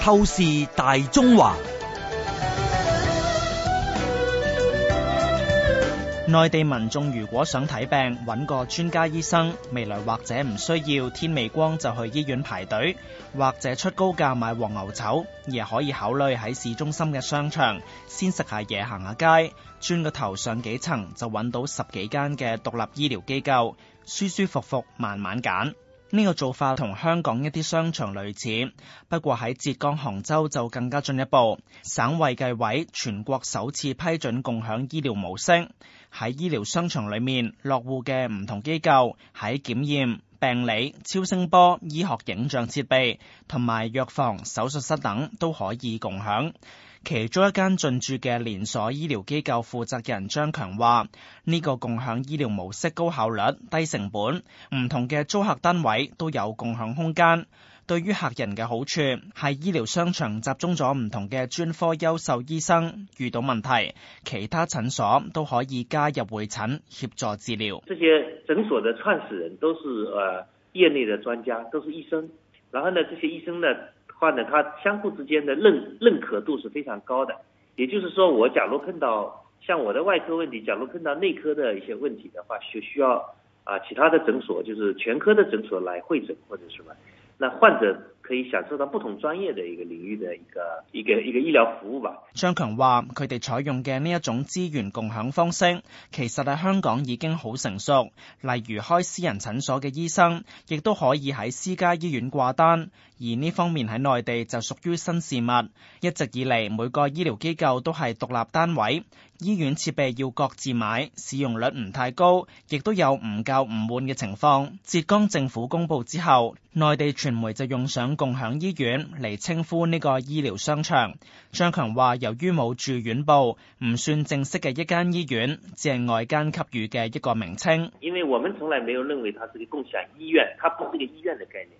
透視大中華，內地民眾如果想睇病，揾個專家醫生，未來或者唔需要天未光就去醫院排隊，或者出高價買黃牛籌，而可以考慮喺市中心嘅商場先食下嘢行下街，轉個頭上幾層就揾到十幾間嘅獨立醫療機構，舒舒服服慢慢揀。呢個做法同香港一啲商場類似，不過喺浙江杭州就更加進一步。省衛計委全國首次批准共享醫療模式，喺醫療商場裏面落戶嘅唔同機構喺檢驗、病理、超聲波、醫學影像設備同埋藥房、手術室等都可以共享。其中一間進駐嘅連鎖醫療機構負責人張強話：呢個共享醫療模式高效率、低成本，唔同嘅租客單位都有共享空間。對於客人嘅好處係醫療商場集中咗唔同嘅專科優秀醫生，遇到問題其他診所都可以加入會診協助治療。這些診所的創始人都是呃業內的專家，都是醫生。然後呢，這些醫生的話呢，他相互之間的認認可度是非常高嘅。也就是說，我假如碰到像我的外科問題，假如碰到內科的一些問題的話，就需要啊其他的診所，就是全科的診所來會診或者什麼。那患者可以享受到不同專業的一個領域的一個一個一個醫療服務吧。張強話：佢哋採用嘅呢一種資源共享方式，其實喺香港已經好成熟。例如開私人診所嘅醫生，亦都可以喺私家醫院掛單。而呢方面喺內地就屬於新事物，一直以嚟每個醫療機構都係獨立單位，醫院設備要各自買，使用率唔太高，亦都有唔夠唔滿嘅情況，浙江政府公布之後，內地傳媒就用上共享醫院嚟稱呼呢個醫療商場，張強話由於冇住院部，唔算正式嘅一間醫院，只係外間給予嘅一個名稱，因為我們從來沒有認為它是一個共享醫院，它不是一個醫院的概念。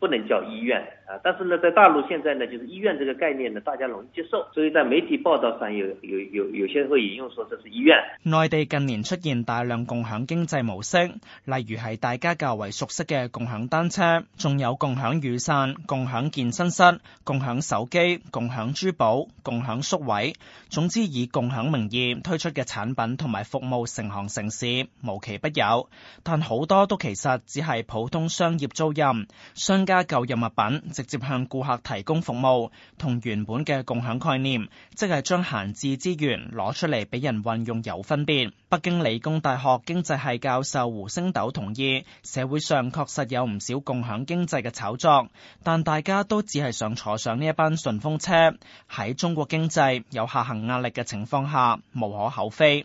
不能叫醫院啊！但是呢，在大陸現在呢，就是醫院這個概念呢，大家容易接受，所以在媒體報導上有有有有些會引用說這是醫院。內地近年出現大量共享經濟模式，例如係大家較為熟悉嘅共享單車，仲有共享雨傘、共享健身室、共享手機、共享珠寶、共享宿位，總之以共享名義推出嘅產品同埋服務，成行成市，無奇不有。但好多都其實只係普通商業租賃，商加舊日物品，直接向顧客提供服務，同原本嘅共享概念，即係將閒置資源攞出嚟俾人運用，有分別。北京理工大學經濟系教授胡星斗同意，社會上確實有唔少共享經濟嘅炒作，但大家都只係想坐上呢一班順風車。喺中國經濟有下行壓力嘅情況下，無可厚非。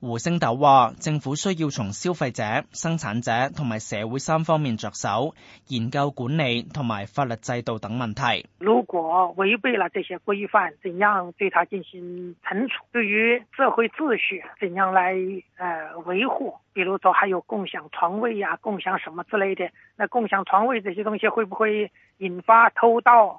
胡星斗話：政府需要從消費者、生產者同埋社會三方面着手，研究管理同埋法律制度等問題。如果違背了這些規範，怎樣對它進行懲處？對於社會秩序，怎樣來誒維護？比如說，還有共享床位呀、啊、共享什麼之類的，那共享床位這些東西會不會引發偷盜？